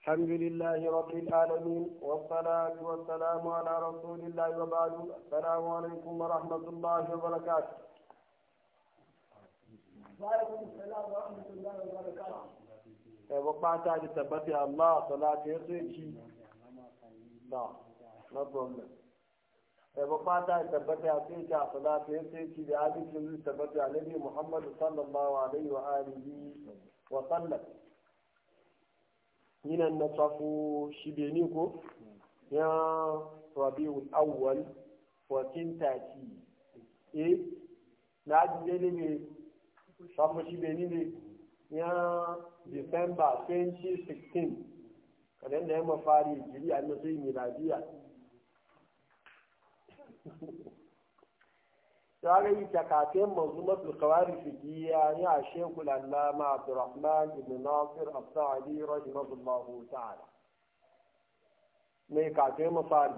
الحمد لله رب العالمين والصلاة والسلام على رسول الله وبعد السلام عليكم ورحمة الله وبركاته وعليكم السلام ورحمة الله وبركاته وقعت على تبتي الله صلاة يسوي لا no problem وقعت على تبتي أسيتي صلاة يسوي بعادة تبتي على نبي محمد صلى الله عليه وآله وسلم yinan na tsafo shi beni ko ya rabiul awwal 1430 eh na ajiye ne mai tsafo shi beni ne ya december 2016 kadan da ma mafari jiri a nasu miladiya sarai takafin manzumatul kawari fijiya ni a shekul allama abdurrahman ibn nasir as-sa'di rahimahullah ta'ala mai kafin mafari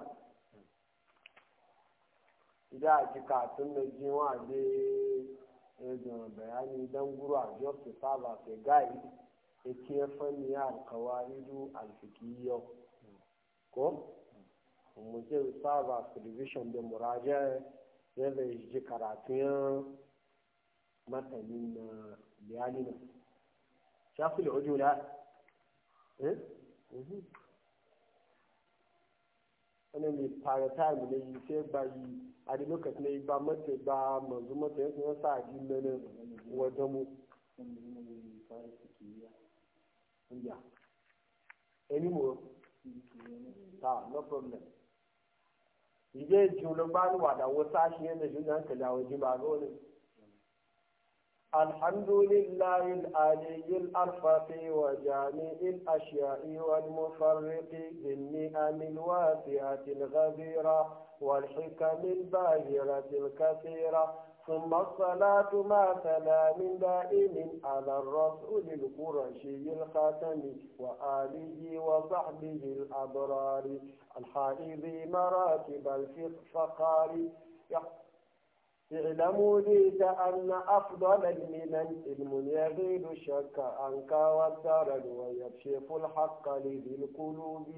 idan a ji kafin mai jiwa ne eh, da bayani don guru a jorsu saba sai gai ya ke fanniya alkawaridu alfikiyyo ko mutum saba television da murajen ya zai ji karatun matsanin na bayani na shafi al'ujula eh mhm. wani mai fara time ne yi sai ba yi a da lokacin yi ba mace ba manzu mata ya kuma sa ji nanin wajen mu ya any more ah, no problem ije julun wada ba الحمد لله العلي الأرفق وجامع الأشياء والمفرق بالنئم الواسعة الغزيرة والحكم الباهرة الكثيرة ثم الصلاة ما تلا من دائم على الرسول القرشي الخاتم وآله وصحبه الأبرار الحائض مراتب الفقار اعلموا ذيك أن أفضل المنن علم يغيب الشك عنك والترد ويكشف الحق لذي القلوب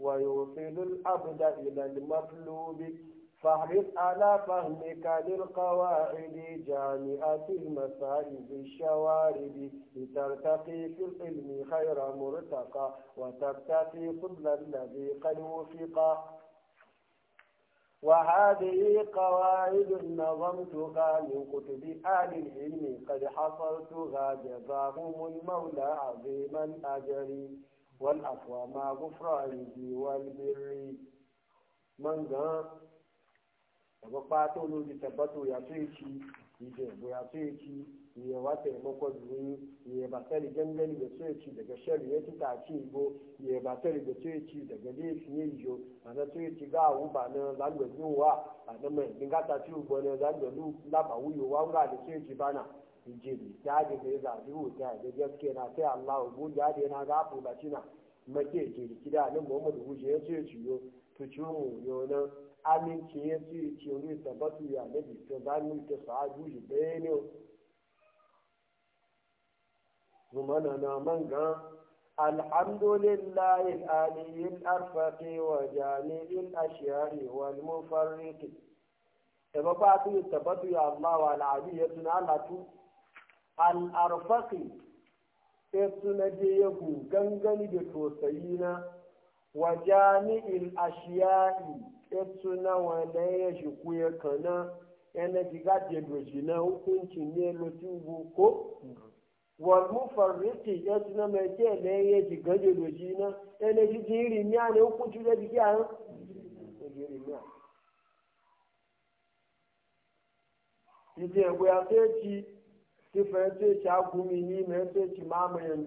ويوصل الأبد إلى المطلوب فاحرص على فهمك للقواعد جامعة المسائل الشوارد لترتقي في العلم خير مرتقى وتبتقي قبل الذي قد وفقا وهذه قواعد نظمتها من كتب اهل العلم قد حصلتها جزاهم المولى عظيم الأجر والأقوى مع غفرانه والبر من ذا daga fata lobi tabbato ya so ya ci idan ya so ya ci ya wata ya mako zuri ya ba tsari gangani da so ya ci daga shari ya ci taci ibo ya ba tsari da so ya ci daga lefi ya yi a ci ba a laba wa nga da so ya ci bana ijiri ya da ya zaɓi wuta da da na gafu da cina make ke da ya ci yo yo na aminci ya su ce wani tabbatu ya nabi ta za ta sa'adu shi ɗaya ne zumana na man ga alhamdulillah aliyyin arfaqi wa jami'in ashiyari wa mufarriqi da ba ba su tabbatu ya Allah wa Al'adu na Allah tu al-arfaqi suna je ya gani da tosayi na wa jami'il ashiya'i etsuna wanda ya shi kuya kana yana diga da doji na hukuncin ne lotu ko wal mufarriqi etsuna mai ke ne ya ji gaje doji na yana ji jiri miya ne hukunci da dike an jiri miya Idan ya ce ci, sifa ya ce ci agumi ni, mai ce ma mamayen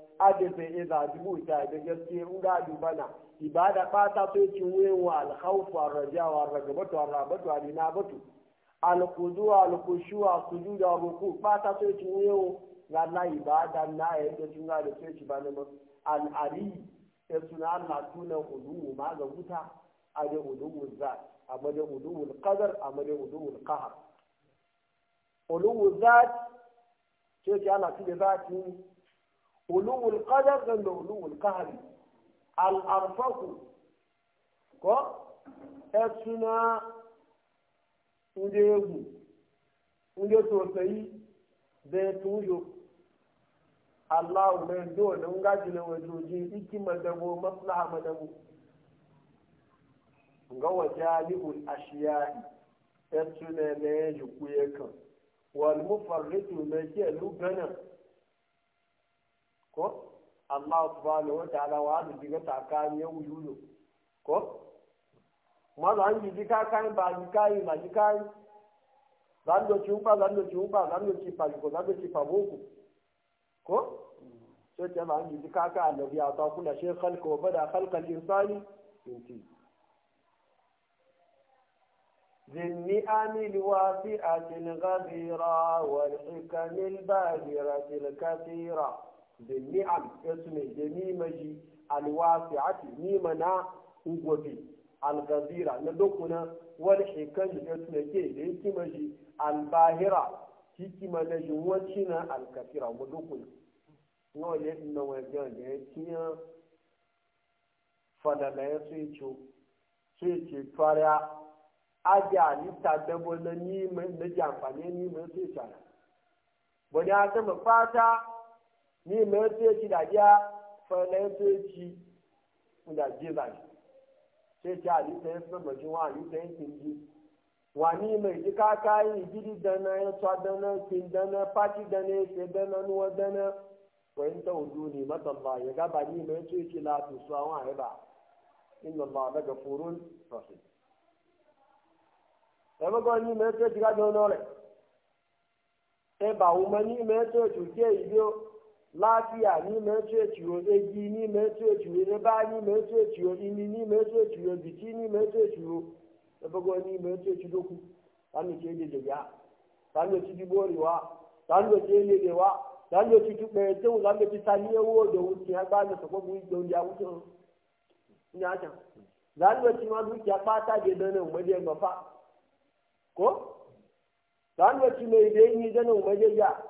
adebe iza e dubu ta da gaske in ga dubana ibada fata sai ki wewa a arjawa arragabatu arrabatu alinabatu alqudu alqushu sujuda ruku fata sai ki wewa na ibada na yadda tun ga da sai ki bana ma al ari ya e suna na tuna udu ma ga wuta a da udu za a da udu qadar a da udu qahar udu zat sai ana Allah za zati علو القدر عند علو القهر الأرفق كو أتسنا ونجي يبو ونجي توسعي بيتوجو allahu mai dole in gaji na wajoji iki madabo maslaha madabo ga wajali'ul ashiyai ya tuna na kan wal mufarritu mai ke luganan ko Allah subhanahu wa ta'ala wa da diga tsakanin ya wuyuyo ko za an jiji ka kayan ba ji kayi ba ji kayi zan do ci upa zan do ci upa zan do ci ko zan do ci boku ko sai ta an jiji ka ka annabi ya ta kula shi khalqa wa bada khalqa al-insani inti ذني أمل واسعة غبيرة والحكم البادرة الكثيرة da ni'am yasu ne da nimaji alwasi'ati nima na ugwabi algazira na dokuna wani shekaru yasu ne ke da hikimaji albahira hikima na jinwanci na alkafira mu dokuna nawa ne ina wani jan da ya kiya fadala ya sai ce sai ce fara ajiya lita dabo na nima na jamfani nima sai ce wani ya gama fata ni me tse tsi da ya fele tse tsi da je ba tse tsi ali tse ji wa ndị wa ni me ji ka dana ya dana kin dana pati dana ke dana nwa dana wa in ta ya gaba ni me tse tsi la so awon are ba inna allah la gafurun lafiya ni mai ce ciwo egi ni mai ce ciwo ba ni mai ce ciwo ini ni mai ce ciwo biki ni mai ce ciwo da bago ni mai ce ciwo ku sanu ce da ya sanu ci di borewa sanu ce ne wa sanu ci tu mai ce sanu ci sani yawo da wuce har ba da sako bu da ya wuce ina ta sanu ci ma dukiya ba ta da nan wajen ba fa ko sanu ci mai da yi da nan wajen ya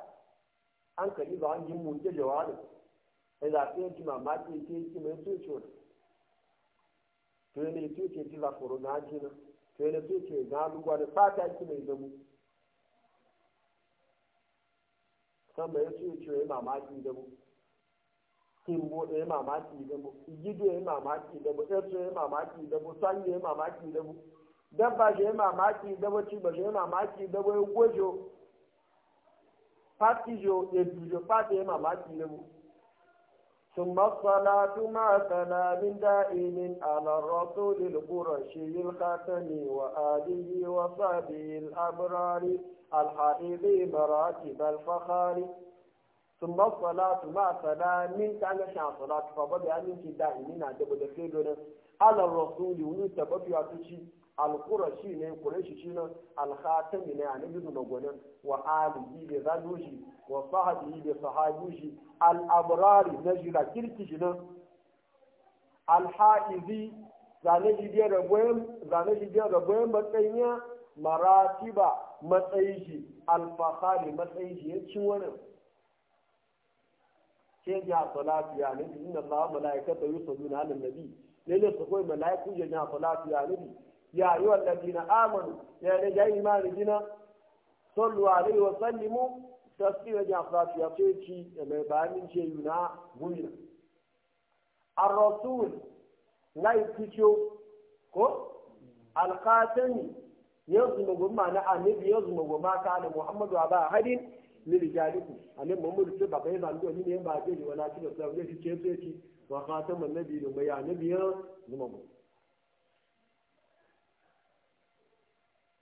hankali ba wani mu ke jawabin ya za ka yanki mamaki ke yanki mai tuce wani to yana tuce ci ji zakoro na jina na to yana tuce na lugwa da fata ki mai damu sama ya tuce ya mamaki damu kimbo da ya mamaki mu gido ya mamaki mu ɗansu ya mamaki mu sanyi ya mamaki damu dabba shi ya mamaki mu ci ba shi ya mamaki mu ya gojo fatijo ya dujo fata ya e mamaki ne mu sun matsala tu mata na min da'inin alar rasulil ƙurashi yil kata ne wa adihi wa sabiyil amurari alhaɗiɗe marati balfahari sun matsala tu mata na min ta ga shan sana tu fa ba da yanin ki da'inin na dabu da fedonin alar rasulil wani tabbafi a tuci shi ne ƙurashi shi nan alhatami ne a na gizo magonin wa alihi da zanushi wa sahabihi da sahabushi al'abrari na jira kirki shi nan alha'izi zane shi biyar jibiyar ragoyen matsayiya maratiba matsayi shi alfahari matsayi shi ya ci wani ke ya salatu ya nabi inna allaha malaikata yusalluna ala nabi lalle su koyi malaiku ya ya salatu ya nabi ya yi wa ɗafi na amuru ya ne gina tolluwa da yi wa mu ta fi wajen afirafi ya da mai bayanin ce yi na gulina a rasul na yi fito ko alkatani ya zuma goma na amiri ya zuma goma ka da muhammadu a hadin mili jariku a ne mamuru ce baka yi ba ni wani ne ba ce yi wa nasu da sauri ke ce ce ce ce ce ce ce ce ce ce ce ce ce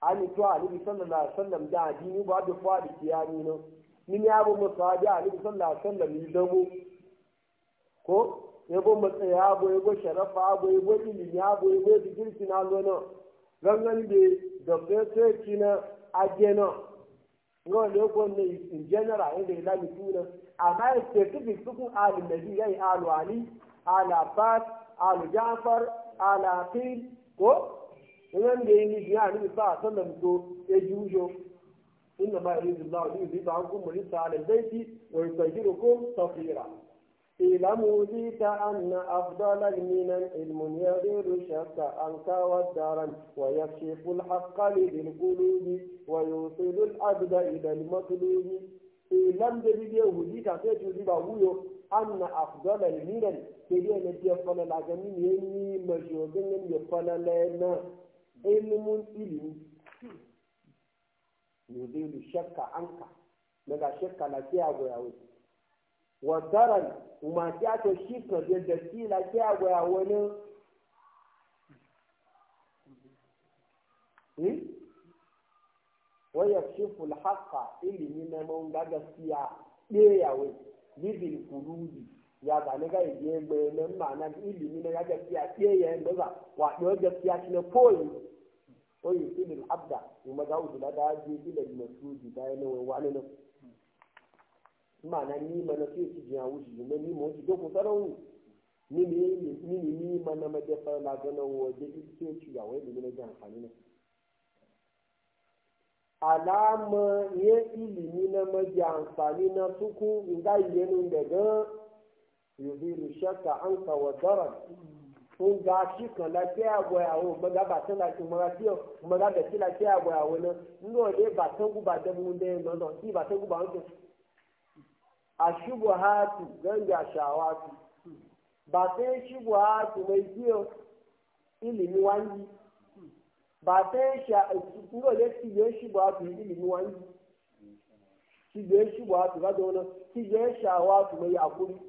ani to ali bi sallallahu alaihi wasallam da adini ba da fadi kiyami no ni ya bu musabi alibi sallallahu alaihi wasallam ni dawo ko ya bu matsaya bu ya bu sharafa bu ya bu ni ya bu ya bu digirki na lona gangan de da fese kina no ngo le ko ne in general inda e ila mi tuna amma e specific sukun alim nabi yayi alu ali ala fat alu jafar ala qil ko ìran lè ní ìgbìyà ní ìta àtọ́nà tó ejú ujo inna yi rizu lawa ni ibi an kuma ni sa'ala zai ti wa yusajiru ko tafira ila mu zita anna afdala minan ilmun ya diru shakka an kawa daran wa yakshifu alhaqqa li bil qulubi wa yusilu alabda ila al matlubi ila mu zai biye hu zita sai ti riba wuyo anna afdala minan ke biye ne ti ya fala la gani ne ni majo ya fala la na ilimin ilimi yuzilu shakka anka daga shakka na kiya goyawo wa daran ma kiya to shi ka da da kila kiya goyawo ne hmm? wa yakshifu al-haqqa ilimi na mun daga siya ya wai libil qulubi ya ba na ga iye na mma na ilimi e na ga gaskiya ya ya yin wa ɗaya gaskiya shi na koyi koyi filin abda kuma ga udula da ji filin masuji da yana wani na. mma na ni ma na fiye ci jiya wuce na ni ma wuce ni ni ni ma na na ganin waje ita ci ya wai da ni na ne alama ilimi na maji amfani na suku in يزيل الشك عنك والضرر kun ga shi kan lafiya goya wo maga ba ta lafiya maga tiyo maga da ti lafiya goya wo no no de ba ta ba da mun de no no ti ba ta ganga shawatu mai tiyo ilimi wangi ba ta sha kuro le ti ti ga do ti shawatu mai akuri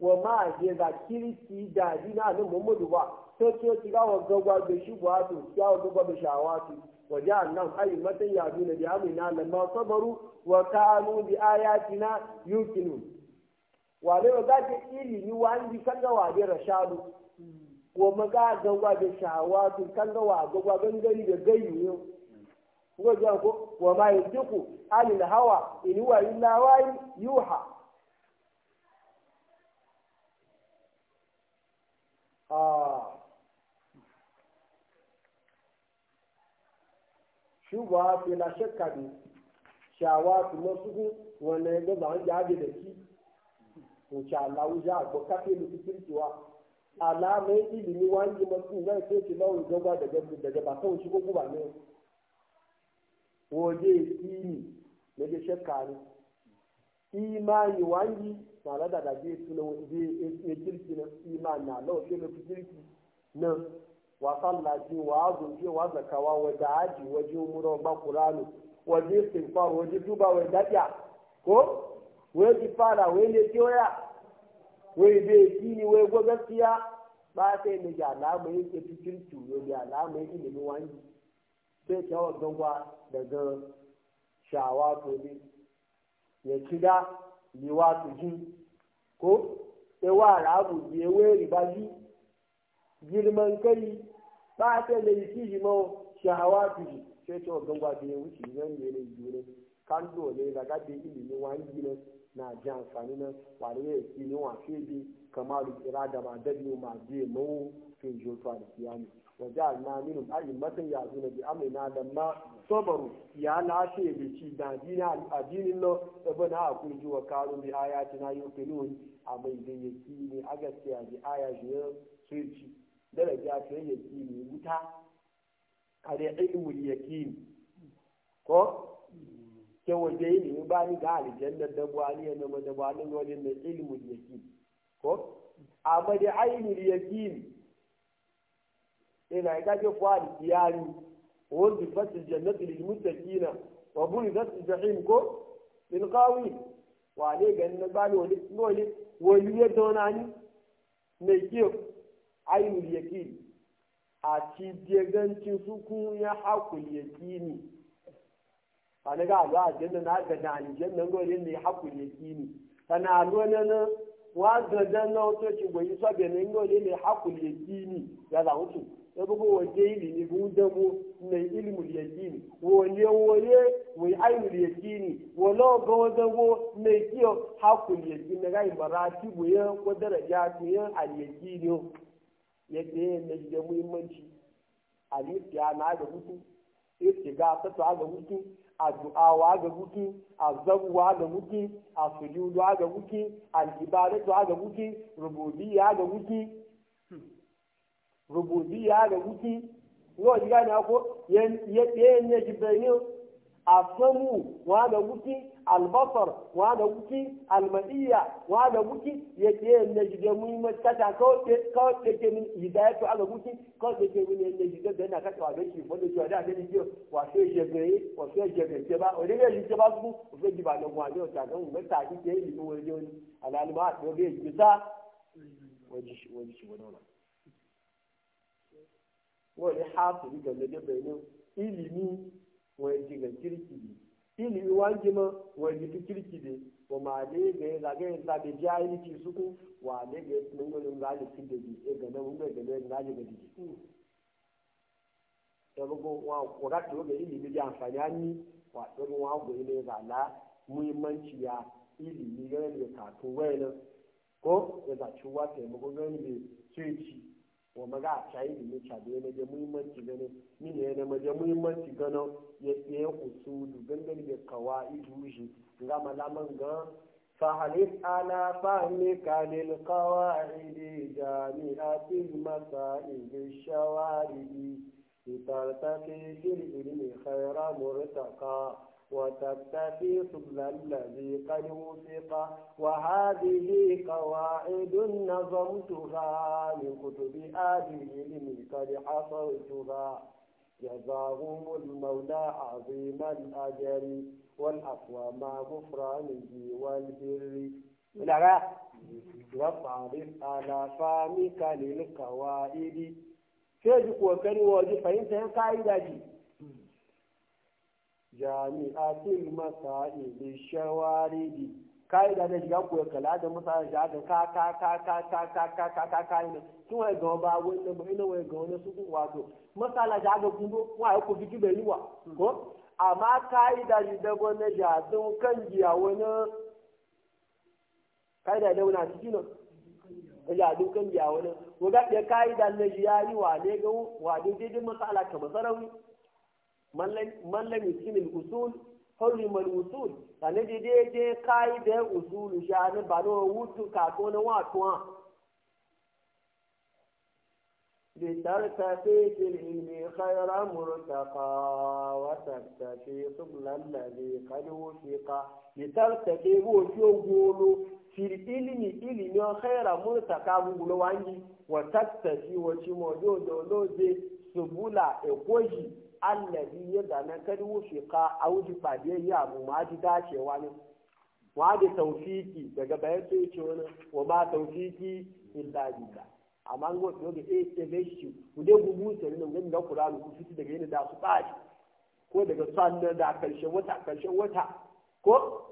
wa ma je za kirki da dina nan muhammadu ba to ce ki ga wa gagwa da shi ba to ya wa gagwa da shawatu wa ayi ayyatan yaduna bi amina lamma sabaru wa kanu bi ayatina yuqinun wa le ga ta ni wa an bi kanga wa da rashadu wa maga gagwa da shawatu kanga wa gagwa gangari da gayyu ko ga ko wa ma yantiku alil hawa in huwa illa wahyun yuha Ah. shubha bila shakka ne shawatu na sugu wanda ya gaba an jaje da shi wuce Allah wuce a kafe mutu wa alamai ilimi wani masu zai sai ki lauyi gaba da gaba da gaba kawai shi gugu ba da imani wangi na la daga bi tuna e, e kirki na imani na lawo ke lokaci kirki na wa sallaci wa azumi wa zakawa wa da'aji wa jumuro ba qur'anu waje istighfar waje duba wa dabiya ko wa ji fara wa ne tiyoya wa be kini wa go gaskiya ba sai ne ga lamu yake cikin tuyo yake ne sai gangwa daga shawa to ya kida liwa tuji ko ewa arabu bi ewe ribaji girman kai ba ta da yi ma shahawa tuji sai ce wa ya wuce zan ne ne kan dole da ilimin wani ne na ji amfani na wani ya yi ne wa febi kira da ma dabi ma je mawu fe jota da kiyami wajen na sabaru ya lashe da ci da addinin nan da na a kurji wa karo bi aya ta na yi ofelon a mai da yaki ne a gaskiya bi aya shi ya soci dara ya ta ya yaki ne wuta a da ilmul yaki ko ke waje yi ne ba ni ga aljanna da buwani na ne wani ilimin ya yaki ko amma da ya ainul yaki ina ya ke fuwa da kiyari ووظفت الجنة للمتقين وبرزت الجحيم كو للقاوي وعليه قال نبالي ولي ولي دوناني نيكيو عين اليكين أتي ديغن تسوكو يا حق اليقين أنا قاعد لا جنة نعرف جاني جنة نقول إني حق اليكين أنا أقول أنا وأنا جنة وتشي ويسابي نقول إني حق اليقين يلا وتشي ya bugu waje ilimi gundamu na ilmul yaqini wole wole wai ainul yaqini wala godago na kiyo hakul yaqini ga imarati buya ko daraja tiyan al yaqini yake ne da muhimmanci alifiya na ga hutu irtiga ta ta ga hutu addu'awa ga wuki azabuwa ga wuki asujudu ga wuki al'ibadatu ga wuki rububiyya ga wuki rububiya ga wuki yau ji gane ko ya ɗaya ne jibraniyo asamu wa da wuki albasar wa da wuki almadiya wa da wuki ya ɗaya ne jibraniyo muhimmanci kata kawai da ke min hidayatu ala wuki kawai da ke min ne jibraniyo da na kata wa gaci wanda ke wada da ke wa sai jibraniyo wa sai ke ba wani ne ke ba su ku ba jibraniyo wa ne wata kan mun ta kike yi ne wani alhalima a ɗaya bai jisa wani shi wani wani wani hafi game da bayanin ilimi wani jigan kirki ne ilimi wani ma wani jikin kirki ne wa ma ne ga ya zaga ya zaga jahilci suku wa ne ya tunan wani zaga su da ji ya gane wani ga ne zaga ga jiki bugu wa kurata ga ilimi da amfani hannu wa ɗin wa goyi ne zala muhimmanci ya ilimi ganin da kato wayanan ko ya zaci wa taimakon ganin da ce wa maga a cayi ilimi cabe na je muhimmanci gano ni ne na maje muhimmanci gano ya tsaye kusu du gangani ga kawa idu shi ga malaman ga fa halis ala fa ni kalil qawaid jami'ati masa'il shawaridi itarta fi ilmi khayra murtaka. وتتفي سبل الذي قد وفق وهذه قواعد نظمتها من كتب آل العلم قد حصرتها جزاهم المولى عظيم الأجر والأقوى مع غفرانه والبر لغا وصعب على فهمك للقواعد شيء ji كان waje fahimta yan ka'ida jami'atul masail shawaridi kai da da shiga koyar kala da mutane da aka ka ka ka ka ka ka ka ka ka ka ne tun wai ga ba wannan ba ina wai ga su ku wato masala da aka kundo ku fiki bai yi wa ko amma kai da shi da gona ja sun kan jiya wani wani cikin wani ko ga da kai da na jiya ni wa ne ga wa dai dai masala ka masarawi man lam yusimil usul harimal usul sani de de de kai de usul sha ne ba no wutu ka ko na wa to a bi tarka fi til ilmi khayra murtaqa wa taktafi sublan ladhi qad wufiqa bi tarka fi wu fi ogulu fi ilmi ilmi khayra murtaqa bugulo wangi wa taktafi wa chimo do do do subula e allazi ya zana kadi a auji fadiye ya mu ma ji dacewa ne wa da tawfiki daga bayan sai ce wani wa ma tawfiki illa billah amma ngo to ga eh ce ga shi ku dai gugu sai nan gani da Qur'ani ku fiti daga yana da su tsari ko daga sannan da karshen wata karshen wata ko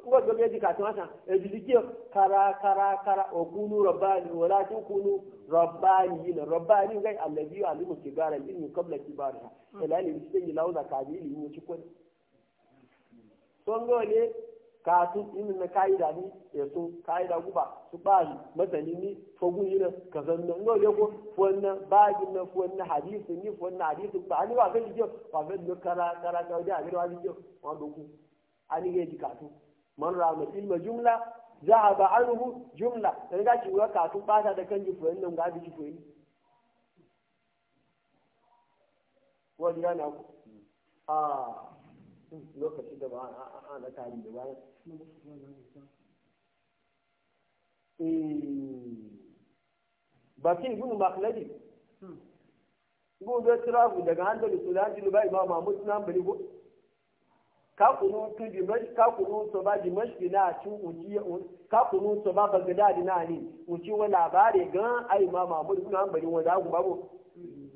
kuma ga bai jika tun haka e jiki kara kara kara wa kunu rabbani wala tun kunu rabbani yin rabbani ya alimu kibara ilmi qabla kibara ila ne yi ka bi ilmi ci da son gole ka tun na kai da ni da guba su bani masani ni fogun yin ka zanna gole ko fonna hadisi ni fonna ba ni ba ga ba da kara kara ga da ga wa jiki wa doku ani ga jika tun man rama ilma jumla zahaba anhu jumla dan ga ciwa ka tun bata da kan ji fuyin nan ga ji fuyin wani yana ku a ah, lokaci da ba a na tari da bayan eh, bakin ibn makhladi hmm. gobe tirafu daga hanzari sulaji ba imam mahmud na bari kakunu tu dimash kakunu to ba di dimash na tu uji kakunu to ba di na ni uji wa labare ga ai ma ma mahmud na bari wa da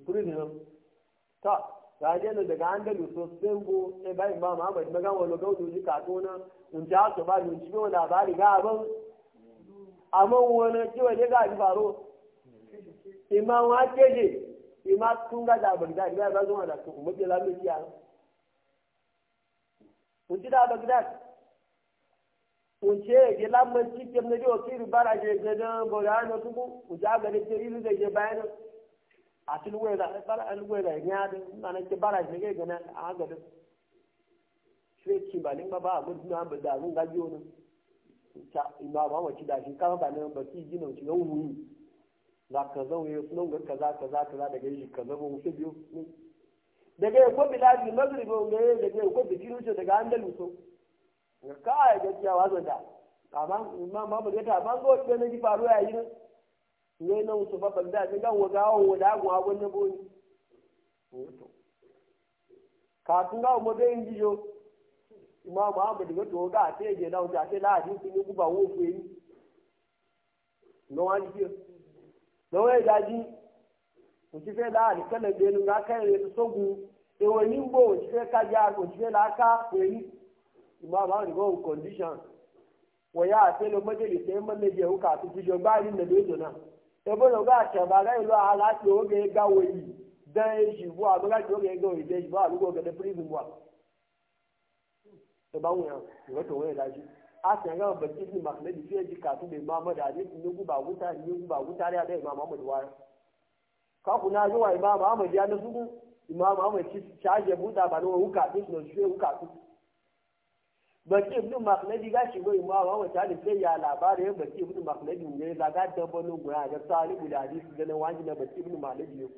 kuri ne ta ta je ne daga andalu so sembo e ba ma ma ba daga wa lo gaudu ji katuna un ja to ba ni ci wa labare ga aban amma wani ci wa ga ji faro imam wa keje imam tun ga da bagdad ga ba zo da su mu je la mu ci kunci da bagdad kunce ya lamar cikin na jiwa kiri bara ke gadon bauran na tuku kunce a ne ke ilu da ke bayan a tilwe da bara alwe da ya da mana ke bara ke ga gana a gadon sai ki ba limba ba a gudu na ba da mun ga jiwo ne ta ina ba wace da shi kama ba ne ba ki gina shi yau wuyi za ka zaune sunan ga kaza kaza kaza daga shi kaza ba mu biyu. daga ya gobe lafi magrib ga ya daga ya gobe jiruce daga an andaluso ga kai gaskiya wazo da amma imam babu ga ta ban go da ji faru ya yi ne na wuce fa banda ne ga wa gawo wa da gwa gwan ne boni to ka tun ga mu da inji yo imam babu daga to ga te je na wuce a la ji ku ku ba wo fe ni no an ji no ya òtí fẹ́ láà ní kẹ́lẹ̀ gbẹnu ńlá kẹ́rin ètò sógun èwo ní gbò òtí fẹ́ kájà òtí fẹ́ láà ká pèrí ìmọ̀ àwọn òdìbò kọ̀ndíṣàn wọ̀nyá àti ẹlòmọ́jèlè tẹ́ mọ́lẹ́dì ẹ̀hún kà àti jíjọ gbáàrí nàdó ètò náà ẹ̀bọ́n ògbà àṣàbàrà ìlú àhàlà àti ògè gáwó yìí dán èjì bọ́ àbúrájì ògè gáwó yìí dán a, bọ́ àlùkò ọ̀gẹ̀dẹ̀ prison wà. ẹ̀bá wọn yàn ìwọ́n tó wọ́n yẹn dájú àtẹ̀rẹ́ ọ̀bẹ̀ tí ní màkìlẹ́dì fẹ́ẹ́ di kàtúndé mọ́ àmọ́dé àdéhùn ní ka kuna zuwa imamu ahmad ya na zugu imamu ahmad ci caje buɗa ba no wuka su no shi wuka su baki ibn makhladi ga shi goyi imamu ahmad ta da sai ya labari ya baki ibn makhladi ne da ga da bano gura ga salihu da hadisi da nan wani na baki ibnu makhladi ne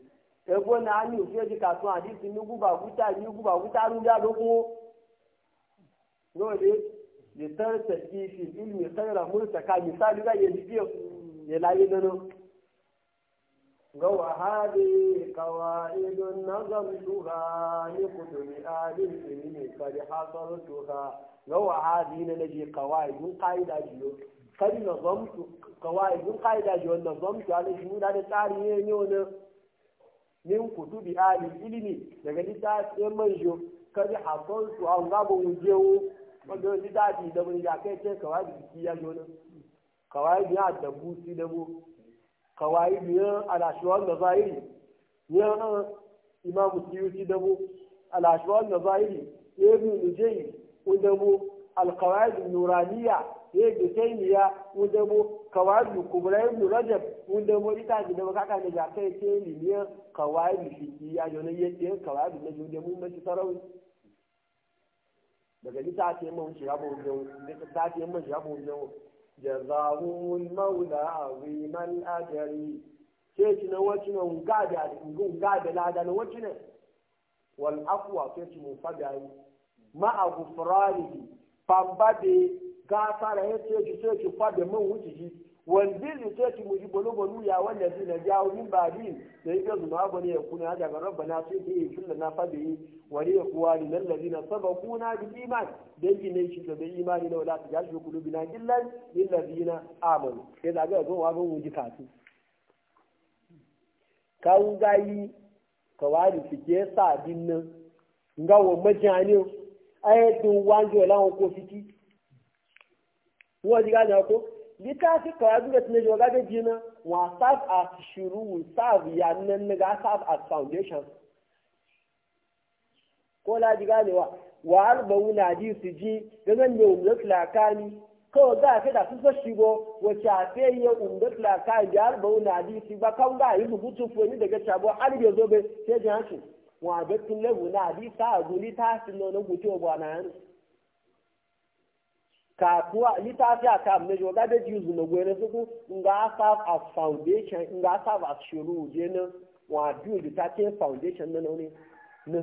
e go na ani o fi jika sun hadisi ni guba guta ni guba guta run da loko no de de tarsa fi ilmi khayra murtaka misali ga yaji ya layi dano قوى هذه قواعد نظمتها لقدم آل الإمام قد حصلتها قوى هذه نجي قواعد من قاعدة جيو قد نظمت قواعد من قاعدة جيو نظمت على جمود على تاريين يونا من كتب آل الإمام لقد تاتي منجو قد حصلت أو غابو وجيو wanda wani daji da wani ya kai ce kawai da jiki ya jona kawai ya da busi da mu kawai biyan alashuwan da zahiri yan imam suyuti dabo alashuwan da zahiri ya bi ujai udabo alkawai nuraniya ya bi taimiya udabo kawai kubra ibn rajab udabo ita ji da kaka ne da kai ce ni ne kawai shiki ya jona yadda kawai da jude mun mace sarawi daga lita ta ce mun shiga bawon da ta ce mun shiga bawon جزاهم المولى عظيم الأجر كيتنا وجنا ونقاد ونقاد لا دنا وجنا والاقوى كيت مفجعي مع غفرانه فمبدي غاثر هيك يجي سيجي فاد من وجهي wanzini sai ki muji bolo bolo ya wanda zai na jawo min ba bi da yake zuwa ba ne ku ne a daga rabba na sai ke yin kullu na fadi wani ya kuwa ni nan lazi na saba ku na bi iman dan ki ne da imani na wala ta jalbi kulubi na illan in lazi na amin sai da ga zo wa ga muji kasu kawun gayi ka wani su ke sa din nan ga wa majani ayatun wanzo lawon ko fiki wani gani ko litafi kawai duka tunan yoga da jina wa serve as shuru serve ya nan ga serve as foundation ko la laji ganewa wa arba'u na ji su ji gagan ne umdat lakani kawai za a fi da sun so shigo wacce a fe yi umdat lakani da arba'u na ji su ba kan ga yi rubutu fuwani daga shabo har ya zo bai sai jihashin wa dattin lebu na ji sa a guri ta fi nonon gutewa ba na yanzu kasuwa littafi a kam na joga da jiyu zuma gwere suku nga serve a foundation nga serve as shiru je na wa build ta ce foundation na ne na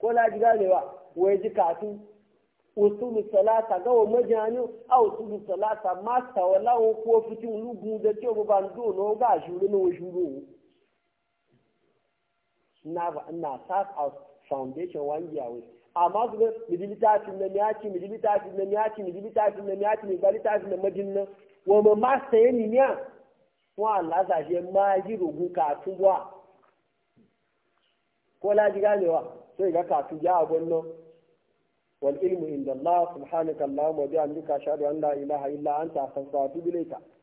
ko la ji wa wai ji kasu usulu salata ga wa majani a usulu salata ma tawalawo ko fitin lugu da ce ba ndo no ga shiru no shuru na na serve as foundation wani yawai amma su ga midilitafin na miyaci midilitafin na miyaci midilitafin na miyaci mai balitafin na majin nan wa ma ma saye ni niya wọn alasa ṣe máa yí rogun kàtún wà kó láti gane wa sai ga kàtún ya àgbọn nan wal ilmu inda allah wa allahumma bi amrika shahadu an la ilaha illa anta astaghfiruka wa atubu ilayka